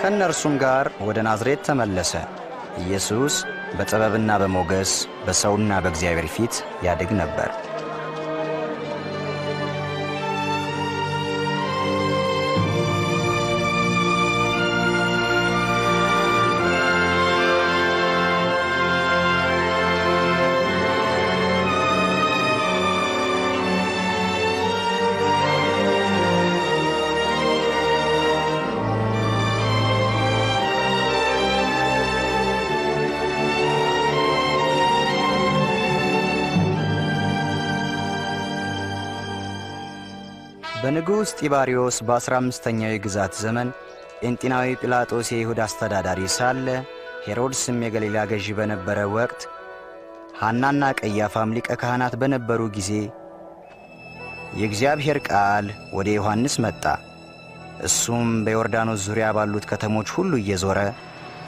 ከእነርሱም ጋር ወደ ናዝሬት ተመለሰ። ኢየሱስ በጥበብና በሞገስ በሰውና በእግዚአብሔር ፊት ያድግ ነበር። በንጉሥ ጢባሪዮስ በ15ኛው የግዛት ዘመን ጴንጢናዊ ጲላጦስ የይሁድ አስተዳዳሪ ሳለ ሄሮድስም የገሊላ ገዢ በነበረ ወቅት ሐናና ቀያፋም ሊቀ ካህናት በነበሩ ጊዜ የእግዚአብሔር ቃል ወደ ዮሐንስ መጣ። እሱም በዮርዳኖስ ዙሪያ ባሉት ከተሞች ሁሉ እየዞረ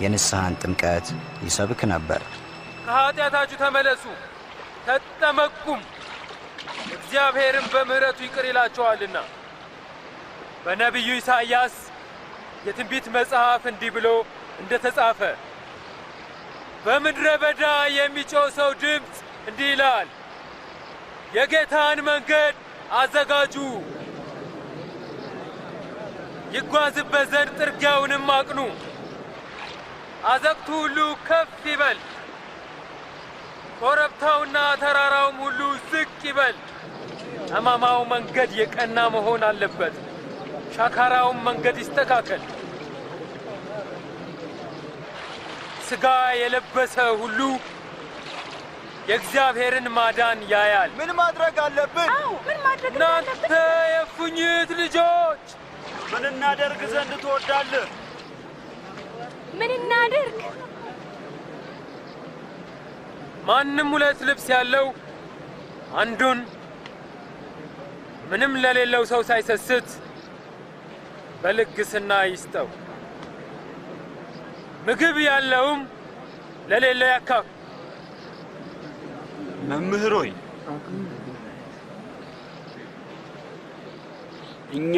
የንስሐን ጥምቀት ይሰብክ ነበር። ከኀጢአታችሁ ተመለሱ ተጠመቁም እግዚአብሔርን በምሕረቱ ይቅር ይላቸዋልና። በነቢዩ ኢሳይያስ የትንቢት መጽሐፍ እንዲህ ብሎ እንደ ተጻፈ በምድረ በዳ የሚጮው ሰው ድምፅ እንዲህ ይላል፣ የጌታን መንገድ አዘጋጁ፣ ይጓዝበት ዘንድ ጥርጊያውንም አቅኑ፣ አዘቅቱ ሁሉ ከፍ ይበል፣ ኮረብታውና ተራራውም ሁሉ ዝቅ ይበል። ጠማማው መንገድ የቀና መሆን አለበት። ሻካራውን መንገድ ይስተካከል። ሥጋ የለበሰ ሁሉ የእግዚአብሔርን ማዳን ያያል። ምን ማድረግ አለብን? እናንተ የፉኝት ልጆች ምን እናደርግ ዘንድ ትወዳለህ? ምን እናደርግ? ማንም ሁለት ልብስ ያለው አንዱን ምንም ለሌለው ሰው ሳይሰስት በልግስና ይስጠው። ምግብ ያለውም ለሌለ ያካ መምህሮይ እኛ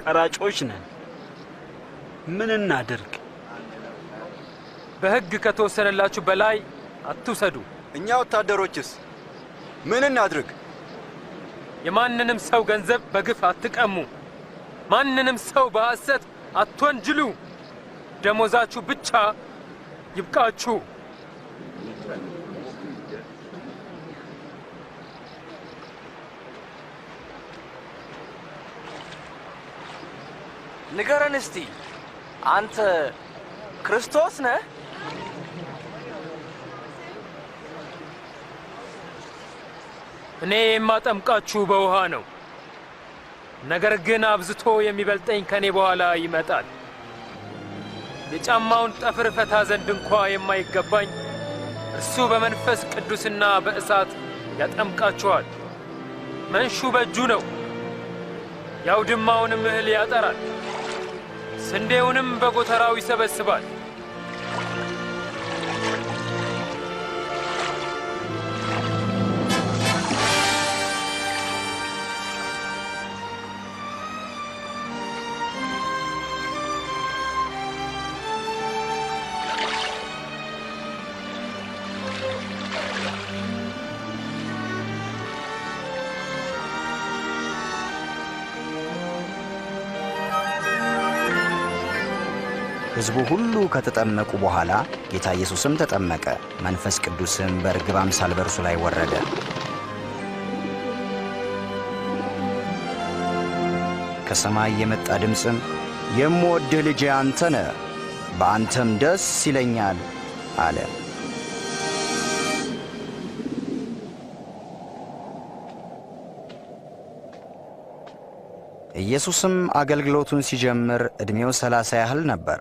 ቀራጮች ነን፣ ምን እናድርግ? በሕግ ከተወሰነላችሁ በላይ አትውሰዱ። እኛ ወታደሮችስ ምን እናድርግ? የማንንም ሰው ገንዘብ በግፍ አትቀሙ። ማንንም ሰው በሐሰት አትወንጅሉ። ደሞዛችሁ ብቻ ይብቃችሁ። ንገረን እስቲ አንተ ክርስቶስ ነህ? እኔ የማጠምቃችሁ በውሃ ነው። ነገር ግን አብዝቶ የሚበልጠኝ ከኔ በኋላ ይመጣል። የጫማውን ጠፍር ፈታ ዘንድ እንኳ የማይገባኝ እርሱ በመንፈስ ቅዱስና በእሳት ያጠምቃችኋል። መንሹ በእጁ ነው፣ የአውድማውንም እህል ያጠራል፣ ስንዴውንም በጎተራው ይሰበስባል ሕዝቡ ሁሉ ከተጠመቁ በኋላ ጌታ ኢየሱስም ተጠመቀ። መንፈስ ቅዱስም በርግብ አምሳል በእርሱ ላይ ወረደ። ከሰማይ የመጣ ድምፅም የምወድህ ልጄ አንተ ነ በአንተም ደስ ይለኛል አለ። ኢየሱስም አገልግሎቱን ሲጀምር ዕድሜው ሰላሳ ያህል ነበር።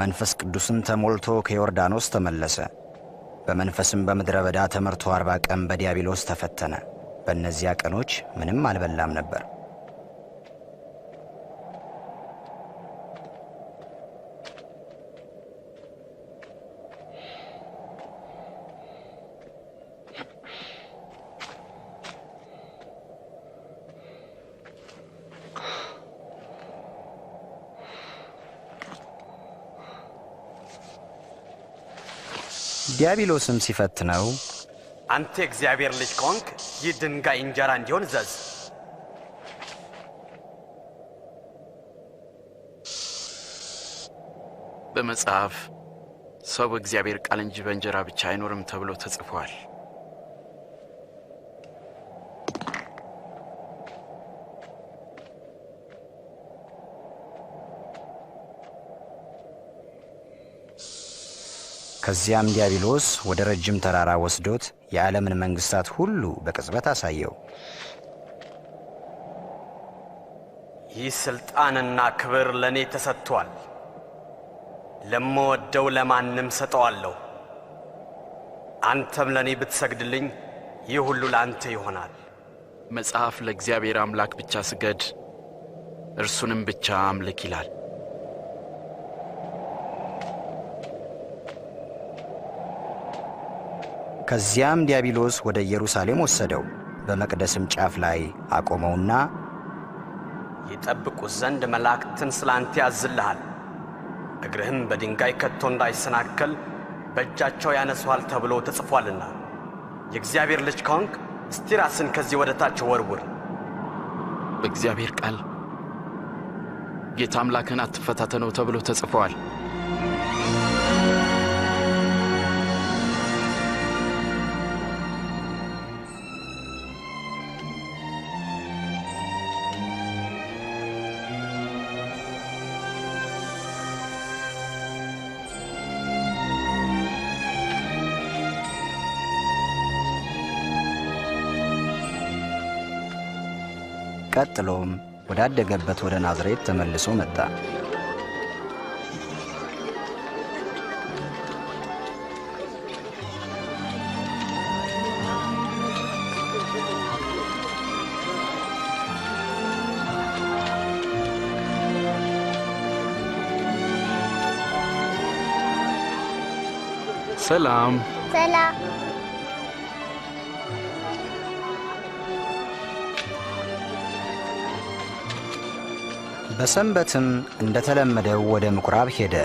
መንፈስ ቅዱስም ተሞልቶ ከዮርዳኖስ ተመለሰ። በመንፈስም በምድረ በዳ ተመርቶ አርባ ቀን በዲያብሎስ ተፈተነ። በእነዚያ ቀኖች ምንም አልበላም ነበር። ዲያብሎስም ሲፈትነው አንተ እግዚአብሔር ልጅ ከሆንክ ይህ ድንጋይ እንጀራ እንዲሆን ዘዝ በመጽሐፍ ሰው በእግዚአብሔር ቃል እንጂ በእንጀራ ብቻ አይኖርም ተብሎ ተጽፏል። ከዚያም ዲያብሎስ ወደ ረጅም ተራራ ወስዶት የዓለምን መንግሥታት ሁሉ በቅጽበት አሳየው። ይህ ሥልጣንና ክብር ለእኔ ተሰጥቷል፣ ለምወደው ለማንም ሰጠዋለሁ። አንተም ለእኔ ብትሰግድልኝ ይህ ሁሉ ለአንተ ይሆናል። መጽሐፍ ለእግዚአብሔር አምላክ ብቻ ስገድ፣ እርሱንም ብቻ አምልክ ይላል። ከዚያም ዲያብሎስ ወደ ኢየሩሳሌም ወሰደው፣ በመቅደስም ጫፍ ላይ አቆመውና ይጠብቁት ዘንድ መላእክትን ስለ አንተ ያዝልሃል፣ እግርህም በድንጋይ ከቶ እንዳይሰናከል በእጃቸው ያነሷል ተብሎ ተጽፏልና የእግዚአብሔር ልጅ ከሆንክ እስቲ ራስን ከዚህ ወደ ታች ወርውር። በእግዚአብሔር ቃል ጌታ አምላክን አትፈታተነው ተብሎ ተጽፈዋል። ቀጥሎም ወዳደገበት ወደ ናዝሬት ተመልሶ መጣ። ሰላም ሰላም በሰንበትም እንደተለመደው ወደ ምኵራብ ሄደ።